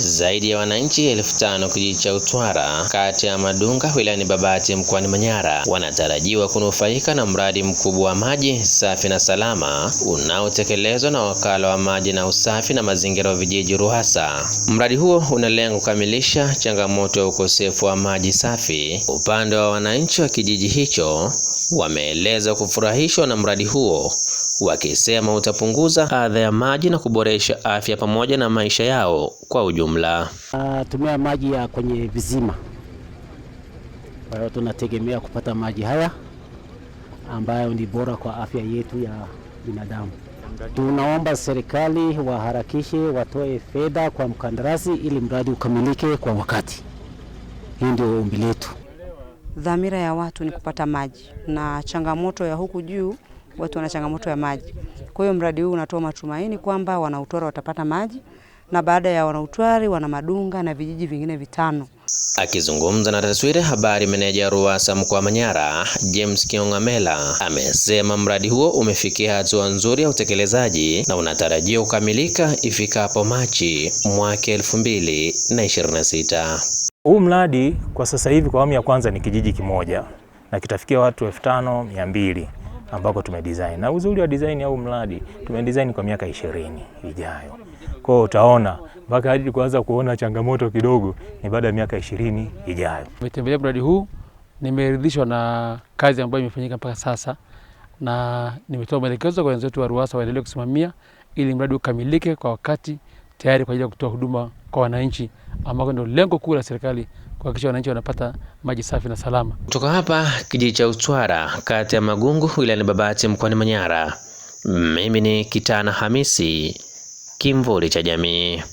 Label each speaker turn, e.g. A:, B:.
A: Zaidi ya wananchi elfu tano kijiji cha Utwara kati ya Madunga wilayani Babati mkoani Manyara wanatarajiwa kunufaika na mradi mkubwa wa maji safi na salama unaotekelezwa na Wakala wa Maji na Usafi na Mazingira wa Vijiji RUWASA. Mradi huo unalenga kukamilisha changamoto ya ukosefu wa maji safi. Upande wa wananchi wa kijiji hicho wameeleza kufurahishwa na mradi huo wakisema utapunguza adha ya maji na kuboresha afya pamoja na maisha yao kwa ujumla.
B: Uh, tumia maji ya kwenye vizima Kwa hiyo tunategemea kupata maji haya ambayo ni bora kwa afya yetu ya binadamu. Tunaomba serikali waharakishe, watoe fedha kwa mkandarasi ili mradi ukamilike kwa wakati. Hii ndio ombi letu.
C: Dhamira ya watu ni kupata maji na changamoto ya huku juu watu wana changamoto ya maji. Kwa hiyo mradi huu unatoa matumaini kwamba wanautwara watapata maji na baada ya wanautwari wana Madunga na vijiji vingine vitano.
A: Akizungumza na taswira habari, meneja RUWASA mkoa Manyara James Kiongamela amesema mradi huo umefikia hatua nzuri ya utekelezaji na unatarajia kukamilika ifikapo Machi mwaka elfu mbili na ishirini na sita.
D: Huu mradi kwa sasa hivi kwa awamu ya kwanza ni kijiji kimoja na kitafikia watu elfu tano mia mbili ambako tumedesign. Na uzuri wa design au mradi tumedesign kwa miaka ishirini ijayo. Kwa hiyo utaona mpaka hadi kuanza kuona changamoto kidogo ni baada ya miaka ishirini ijayo.
E: Nimetembelea mradi huu, nimeridhishwa na kazi ambayo imefanyika mpaka sasa na nimetoa maelekezo kwa wenzetu wa RUWASA waendelee kusimamia ili mradi ukamilike kwa wakati tayari kwa ajili ya kutoa huduma kwa wananchi, ambako ndio lengo kuu la serikali kuhakikisha wananchi wanapata maji safi na salama.
A: Kutoka hapa kijiji cha Utwara, kata ya Magungu, wilayani Babati, mkoani Manyara, mimi ni Kitana Hamisi, kimvuli cha jamii.